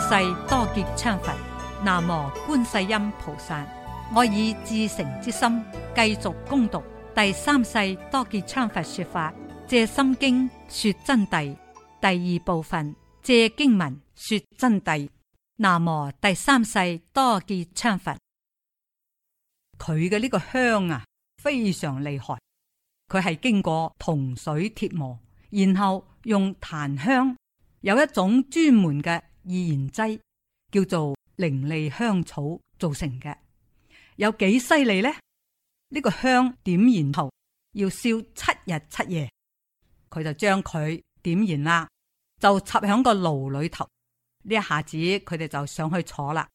世多杰羌佛，南無觀世音菩薩。我以至誠之心繼續攻讀第三世多杰羌佛說法，借心經說真諦第二部分，借經文說真諦。南無第三世多杰羌佛，佢嘅呢個香啊非常厲害，佢係經過銅水鐵磨，然後用檀香有一種專門嘅。易燃劑叫做靈利香草做成嘅，有幾犀利呢？呢、這個香點燃後要燒七日七夜，佢就將佢點燃啦，就插響個爐裏頭。呢一下子佢哋就上去坐啦。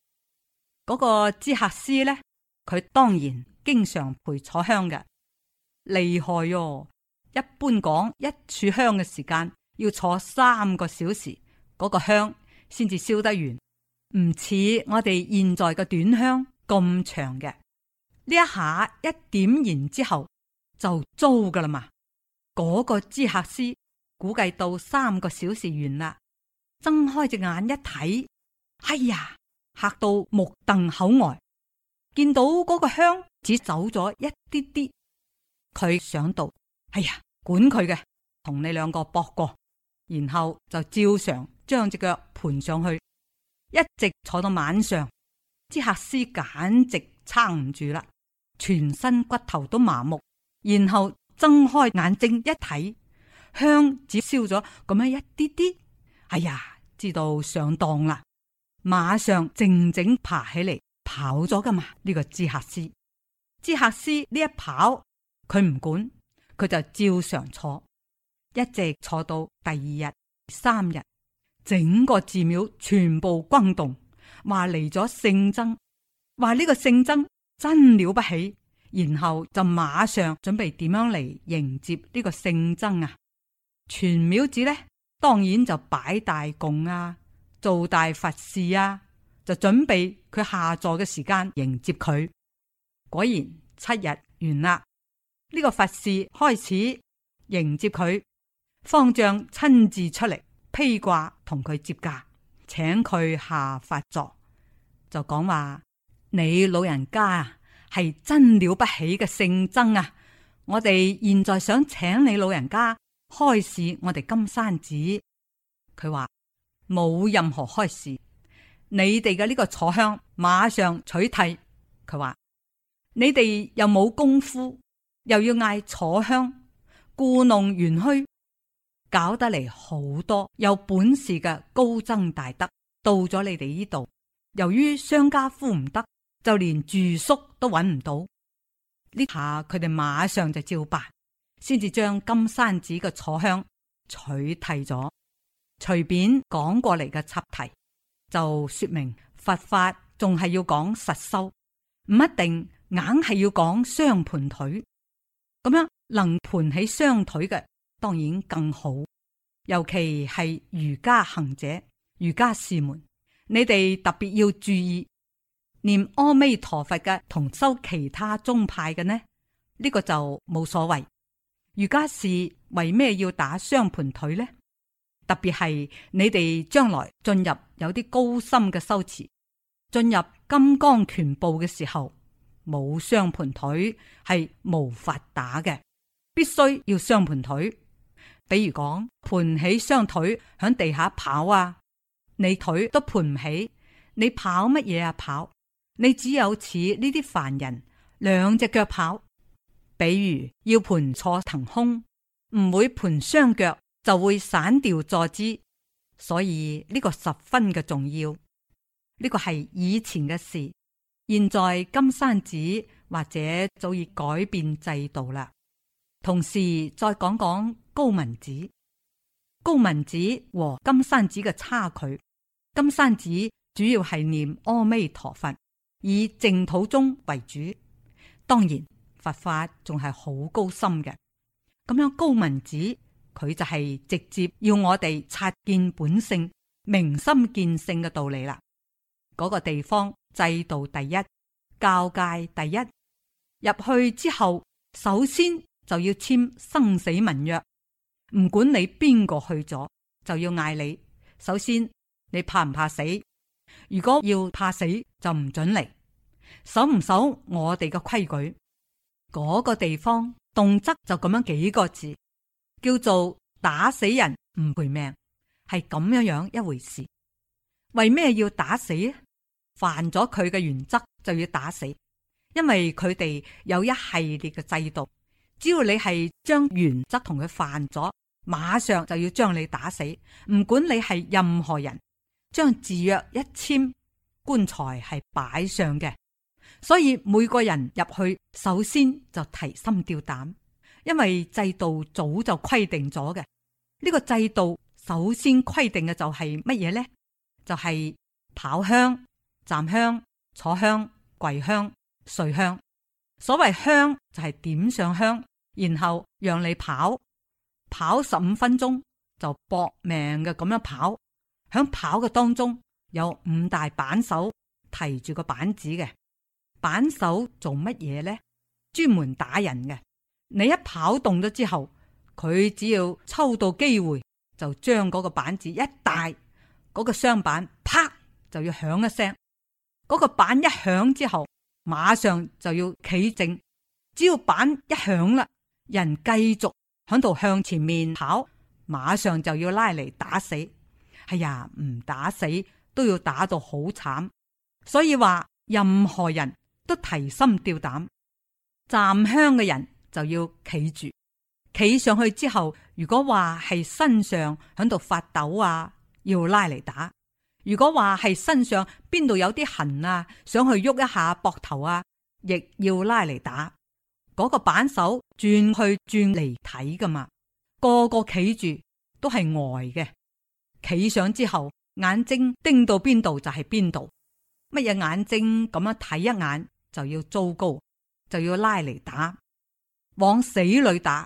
嗰、那個知客師呢，佢當然經常陪坐香嘅，厲害喲、哦！一般講一炷香嘅時間要坐三個小時，嗰、那個香，先至燒得完，唔似我哋現在嘅短香咁長嘅。呢一下一點燃之後就糟噶啦嘛。嗰個知客師估計到三個小時完啦，睜開隻眼一睇，哎呀，嚇到目瞪口呆，見到嗰個香只走咗一啲啲。佢想到，哎呀，管佢嘅，同你兩個搏過。然後就照常將隻腳盤上去，一直坐到晚上。知客師簡直撐唔住啦，全身骨頭都麻木。然後睜開眼睛一睇，香只燒咗咁樣一啲啲。哎呀，知道上當啦！馬上靜靜爬起嚟，跑咗噶嘛？呢、這個知客師，知客師呢一跑，佢唔管，佢就照常坐。一直坐到第二日、三日，整個寺廟全部轟動，話嚟咗聖僧，話呢個聖僧真了不起。然後就馬上準備點樣嚟迎接呢個聖僧啊？全廟子咧，當然就擺大供啊，做大佛事啊，就準備佢下座嘅時間迎接佢。果然七日完啦，呢個佛事開始迎接佢。方丈親自出嚟披掛同佢接駕，請佢下法座，就講話：你老人家啊，係真了不起嘅聖僧啊！我哋現在想請你老人家開示我哋金山寺。佢話冇任何開示，你哋嘅呢個坐香馬上取締。佢話你哋又冇功夫，又要嗌坐香，故弄玄虛。搞得嚟好多有本事嘅高僧大德到咗你哋呢度，由於商家呼唔得，就連住宿都揾唔到。呢下佢哋馬上就照辦，先至將金山寺嘅坐香取締咗，隨便講過嚟嘅插題，就說明佛法仲係要講實修，唔一定硬係要講雙盤腿，咁樣能盤起雙腿嘅。當然更好，尤其係瑜伽行者、瑜伽士們，你哋特別要注意念阿彌陀佛嘅同修其他宗派嘅呢？呢、這個就冇所謂。瑜伽士為咩要打雙盤腿呢？特別係你哋將來進入有啲高深嘅修持，進入金剛拳步嘅時候，冇雙盤腿係無法打嘅，必須要雙盤腿。比如講盤起雙腿響地下跑啊，你腿都盤唔起，你跑乜嘢啊？跑你只有似呢啲凡人兩隻腳跑。比如要盤坐騰空，唔會盤雙腳就會散掉坐姿，所以呢個十分嘅重要。呢個係以前嘅事，現在金山寺或者早已改變制度啦。同時再講講。高文子、高文子和金山寺嘅差距。金山寺主要係念阿彌陀佛，以淨土宗為主。當然，佛法仲係好高深嘅。咁樣高文子佢就係直接要我哋察見本性、明心見性嘅道理啦。嗰、那個地方制度第一，教界第一。入去之後，首先就要簽生死文約。唔管你邊個去咗，就要嗌你。首先，你怕唔怕死？如果要怕死，就唔准嚟。守唔守我哋嘅規矩？嗰個地方動則就咁樣幾個字，叫做打死人唔賠命，係咁樣樣一回事。為咩要打死？犯咗佢嘅原則就要打死，因為佢哋有一系列嘅制度，只要你係將原則同佢犯咗。馬上就要將你打死，唔管你係任何人，將字約一簽，棺材係擺上嘅，所以每個人入去首先就提心吊膽，因為制度早就規定咗嘅。呢、這個制度首先規定嘅就係乜嘢呢？就係、是、跑香、站香、坐香、跪香、睡香。所謂香就係點上香，然後讓你跑。跑十五分鐘就搏命嘅，咁樣跑，響跑嘅當中有五大板手提住個板子嘅板手做乜嘢呢？專門打人嘅。你一跑動咗之後，佢只要抽到機會，就將嗰個板子一帶，嗰個雙板啪就要響一聲。嗰個板一響之後，馬上就要企正。只要板一響啦，人繼續喺度向前面跑，馬上就要拉嚟打死。哎呀，唔打死都要打到好慘。所以話任何人都提心吊膽。站香嘅人就要企住，企上去之後，如果話係身上喺度發抖啊，要拉嚟打；如果話係身上邊度有啲痕啊，想去喐一下膊頭啊，亦要拉嚟打。嗰個板手轉去轉嚟睇㗎嘛，個個企住都係呆嘅，企上之後眼睛盯到邊度就係邊度，乜嘢眼睛咁樣睇一眼就要糟糕，就要拉嚟打，往死裏打。誒、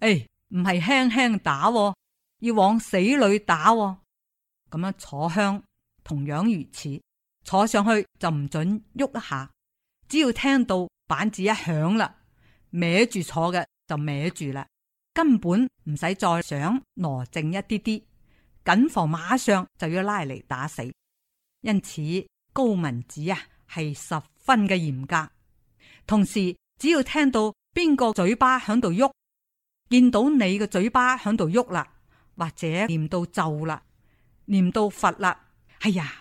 哎，唔係輕輕打，哦，要往死裏打，哦。咁樣坐香同樣如此，坐上去就唔准喐一下，只要聽到板子一響啦。歪住坐嘅就歪住啦，根本唔使再想挪正一啲啲，緊防馬上就要拉嚟打死。因此高文子啊，係十分嘅嚴格。同時，只要聽到邊個嘴巴響度喐，見到你嘅嘴巴響度喐啦，或者念到咒啦，念到佛啦，哎呀，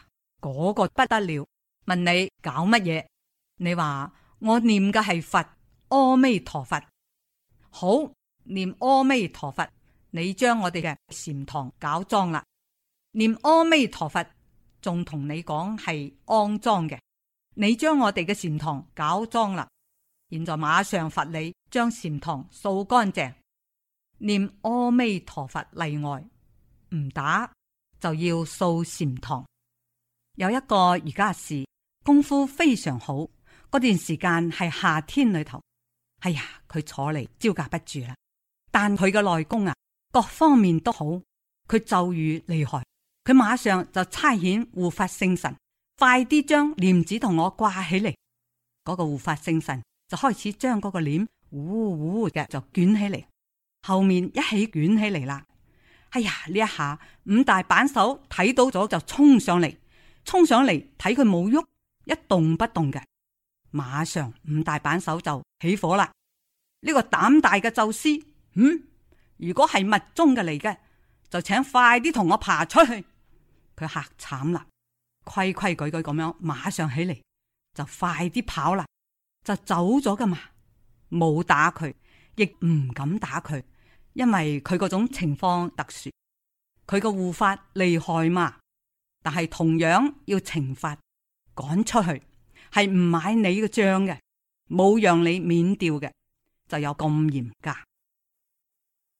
嗰個不得了，問你搞乜嘢？你話我念嘅係佛。阿彌陀佛，好念阿彌陀佛。你將我哋嘅禪堂搞髒啦，念阿彌陀佛，仲同你講係骯髒嘅。你將我哋嘅禪堂搞髒啦，現在馬上罰你將禪堂掃乾淨。念阿彌陀佛，例外唔打就要掃禪堂。有一個而家係，功夫非常好，嗰段時間係夏天裏頭。哎呀，佢坐嚟招架不住啦！但佢嘅內功啊，各方面都好，佢咒語厲害，佢馬上就差遣護法聖神，快啲將簾子同我掛起嚟。嗰、那個護法聖神就開始將嗰個簾，嗚嗚嘅就捲起嚟，後面一起捲起嚟啦。哎呀，呢一下五大板手睇到咗就衝上嚟，衝上嚟睇佢冇喐，一動不動嘅。馬上五大板手就起火啦！呢個膽大嘅咒師，嗯，如果係密宗嘅嚟嘅，就請快啲同我爬出去。佢吓慘啦，規規矩矩咁樣，馬上起嚟就快啲跑啦，就走咗噶嘛，冇打佢，亦唔敢打佢，因為佢嗰種情況特殊，佢個護法厲害嘛，但係同樣要懲罰，趕出去。係唔買你嘅帳嘅，冇讓你免掉嘅，就有咁嚴格。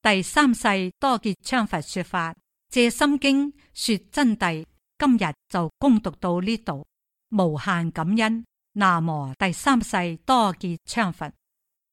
第三世多杰羌佛說法，借心經說真諦。今日就恭讀到呢度，無限感恩。南無第三世多杰羌佛。